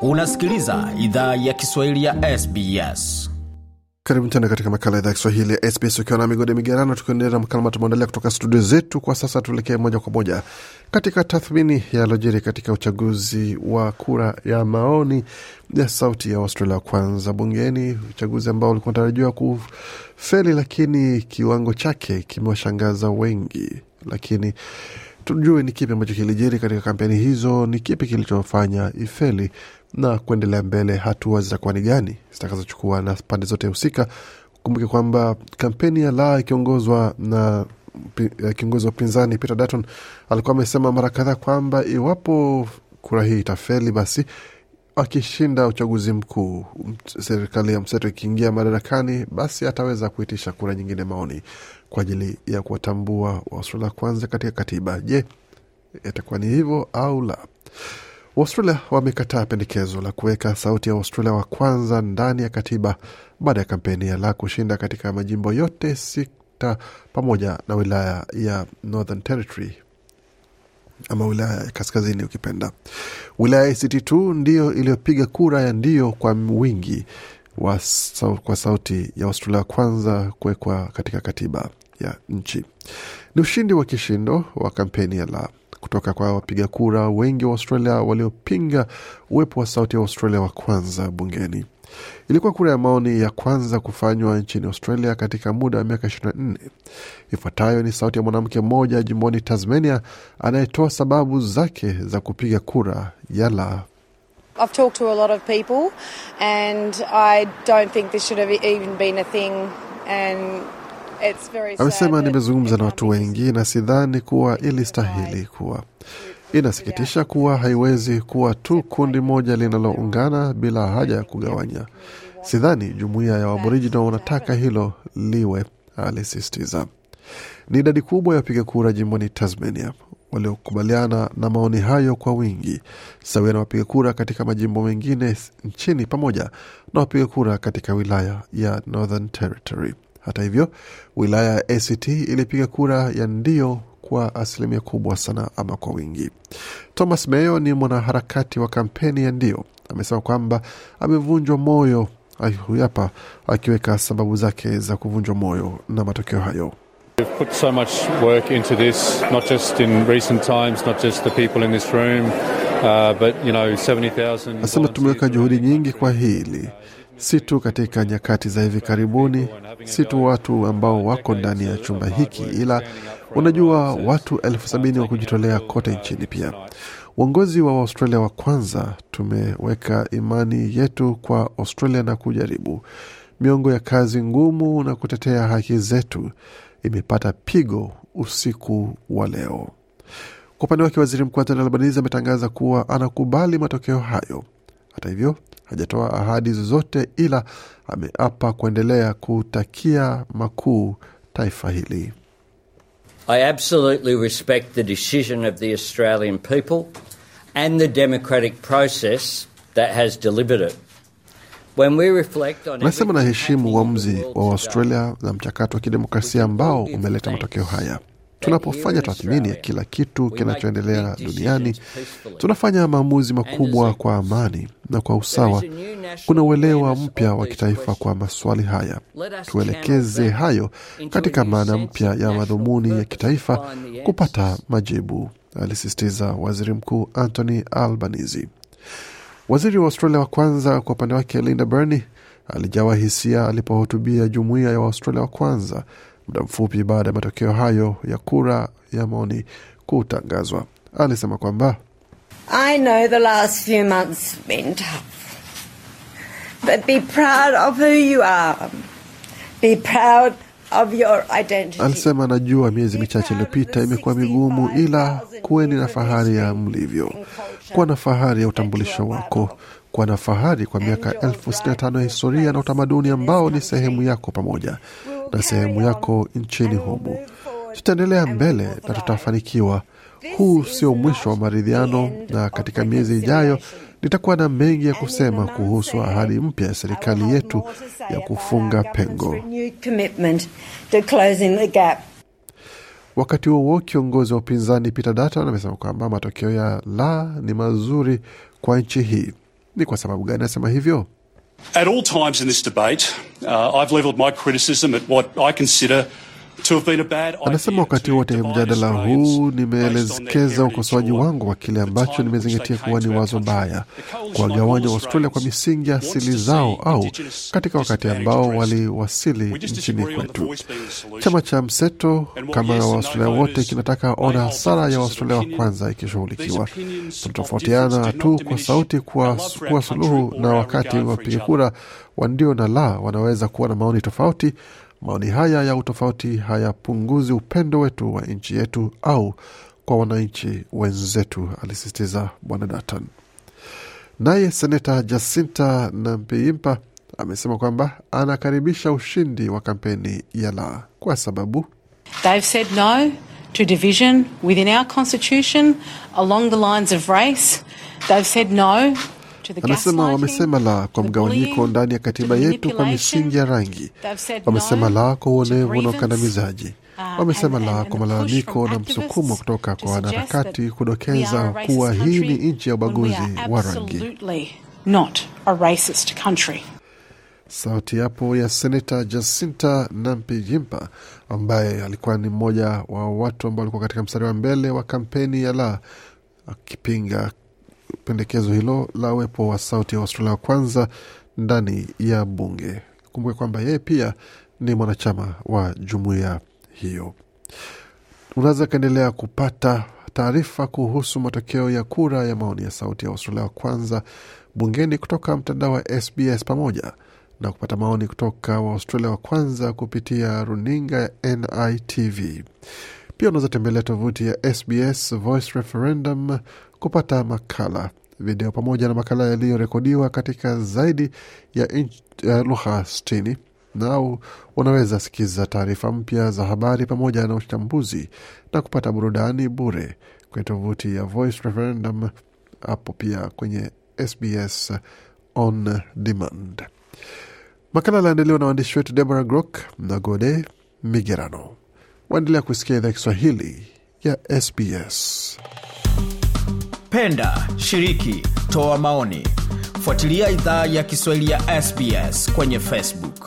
unasikiliza idhaa ya kiswahili ya sbs karibu tena katika makala idhaa ya kiswahili ya sbs ukiwa na migode migerano tukiendelea na makala matumeandalia kutoka studio zetu kwa sasa tuelekee moja kwa moja katika tathmini ya lojeri katika uchaguzi wa kura ya maoni ya sauti ya Australia kwanza bungeni, uchaguzi ambao ulikuwa unatarajiwa kufeli, lakini kiwango chake kimewashangaza wengi. Lakini tujue ni kipi ambacho kilijiri katika kampeni hizo, ni kipi kilichofanya ifeli, na kuendelea mbele, hatua zitakuwa ni gani zitakazochukua na pande zote husika. Kumbuke kwamba kampeni ya la ikiongozwa na kiongozi wa upinzani Peter Dutton alikuwa amesema mara kadhaa kwamba iwapo kura hii itafeli, basi akishinda uchaguzi mkuu, serikali ya mseto ikiingia madarakani, basi ataweza kuitisha kura nyingine maoni kwa ajili ya kuwatambua Waaustralia kwanza katika katiba. Je, itakuwa ni hivyo au la? Waustralia wamekataa pendekezo la kuweka sauti ya Waustralia wa kwanza ndani ya katiba baada ya kampeni ya la kushinda katika majimbo yote sita pamoja na wilaya ya Northern Territory ama wilaya ya kaskazini ukipenda. Wilaya ya ct tu ndiyo iliyopiga kura ya ndio kwa wingi wa sau, kwa sauti ya waustralia wa kwanza kuwekwa katika katiba ya nchi. Ni ushindi wa kishindo wa kampeni ya la kutoka kwa wapiga kura wengi wa Australia waliopinga uwepo wa sauti ya Australia wa kwanza bungeni. Ilikuwa kura ya maoni ya kwanza kufanywa nchini Australia katika muda wa miaka 24. Ifuatayo ni sauti ya mwanamke mmoja jimboni Tasmania anayetoa sababu zake za kupiga kura ya la. people and Amesema nimezungumza na watu wengi na sidhani kuwa ilistahili kuwa. Inasikitisha kuwa haiwezi kuwa tu kundi moja linaloungana bila haja ya kugawanya. Sidhani jumuiya ya Waborijina wanataka hilo liwe, alisisitiza. Ni idadi kubwa ya wapiga kura jimboni Tasmania waliokubaliana na maoni hayo kwa wingi, sawia na wapiga kura katika majimbo mengine nchini pamoja na wapiga kura katika wilaya ya Northern Territory. Hata hivyo, wilaya ya ACT ilipiga kura ya ndio kwa asilimia kubwa sana ama kwa wingi. Thomas Meyo ni mwanaharakati wa kampeni ya ndio, amesema kwamba amevunjwa moyo huyapa akiweka sababu zake za kuvunjwa moyo na matokeo hayo. Uh, Asema tumeweka juhudi nyingi kwa hili si tu katika nyakati za hivi karibuni, si tu watu ambao wako ndani ya chumba hiki, ila unajua watu elfu sabini wa kujitolea kote nchini. Pia uongozi wa Australia wa kwanza, tumeweka imani yetu kwa Australia na kujaribu miongo ya kazi ngumu na kutetea haki zetu imepata pigo usiku wa leo. Kwa upande wake, waziri mkuu Anthony Albanese ametangaza kuwa anakubali matokeo hayo. Hata hivyo hajatoa ahadi zozote, ila ameapa kuendelea kutakia makuu taifa hili. I absolutely respect the decision of the Australian people and the democratic process that has delivered it. Nasema naheshimu uamuzi wa Australia na mchakato wa kidemokrasia ambao umeleta matokeo haya. Tunapofanya tathmini ya kila kitu kinachoendelea duniani, tunafanya maamuzi makubwa kwa amani na kwa usawa. Kuna uelewa mpya wa kitaifa kwa maswali haya. Tuelekeze hayo katika maana mpya ya madhumuni ya kitaifa kupata majibu, alisisitiza Waziri Mkuu Anthony Albanese. Waziri wa Australia wa kwanza kwa upande wake, Linda Burney alijawa hisia alipohutubia jumuiya ya Waustralia wa kwanza muda mfupi baada ya matokeo hayo ya kura ya maoni kutangazwa. Alisema kwamba I know the last few months have been tough, but be proud of who you are. Be proud of your identity. Alisema najua miezi michache iliyopita imekuwa migumu, ila kuweni na fahari ya mlivyo, kuwa na fahari ya utambulisho wako, kuwa na fahari kwa miaka elfu sitini na tano ya historia na utamaduni ambao ni sehemu yako pamoja na sehemu yako nchini humu Tutaendelea mbele na tutafanikiwa. Huu sio mwisho wa maridhiano, na katika miezi ijayo nitakuwa na mengi ya kusema kuhusu ahadi mpya ya serikali yetu ya kufunga pengo. Wakati huo huo, kiongozi wa upinzani Peter Dutton amesema kwamba matokeo ya la ni mazuri kwa nchi hii. Ni kwa sababu gani anasema hivyo? At all times in this debate Uh, I've levelled my criticism at what I consider Anasema wakati wote mjadala huu nimeelekeza ukosoaji wangu wa kile ambacho nimezingatia kuwa ni wazo baya, kuwagawanya Waustralia kwa misingi ya asili zao, au katika wakati ambao waliwasili nchini kwetu. Chama cha mseto kama Waustralia wote kinataka ona hasara ya Waustralia wa kwanza ikishughulikiwa. Tunatofautiana tu kwa sauti kuwa, kuwa suluhu, na wakati wapiga kura wa ndio na la wanaweza kuwa na maoni tofauti Maoni haya ya utofauti hayapunguzi upendo wetu wa nchi yetu au kwa wananchi wenzetu, alisisitiza Bwana Dutton. Naye seneta Jacinta Nampiimpa amesema kwamba anakaribisha ushindi wa kampeni ya la kwa sababu They've said no to division within our constitution along the lines of race. They've said no Anasema wamesema la kwa mgawanyiko ndani ya katiba yetu kwa misingi ya rangi. Wamesema la kwa uonevu na ukandamizaji. Uh, wamesema la kwa malalamiko na msukumo kutoka kwa wanaharakati kudokeza kuwa hii ni nchi ya ubaguzi wa rangi. Sauti hapo ya seneta Jacinta Nampijimpa ambaye alikuwa ni mmoja wa watu ambao walikuwa katika mstari wa mbele wa kampeni ya la akipinga pendekezo hilo la uwepo wa sauti ya Waustralia wa kwanza ndani ya bunge. Kumbuke kwamba yeye pia ni mwanachama wa jumuiya hiyo. Unaweza kaendelea kupata taarifa kuhusu matokeo ya kura ya maoni ya sauti ya Waustralia wa kwanza bungeni kutoka mtandao wa SBS pamoja na kupata maoni kutoka Waustralia wa kwanza kupitia runinga ya NITV. Pia unaweza tembelea tovuti ya SBS Voice Referendum kupata makala, video pamoja na makala yaliyorekodiwa katika zaidi ya uh, lugha sitini na unaweza sikiza taarifa mpya za habari pamoja na uchambuzi na kupata burudani bure kwenye tovuti ya Voice Referendum, hapo pia kwenye SBS On Demand. Makala alaendeliwa na waandishi wetu Deborah Grok na Gode Migerano. Waendelea kusikia idhaa Kiswahili ya SBS. Penda, shiriki, toa maoni, fuatilia idhaa ya Kiswahili ya SBS kwenye Facebook.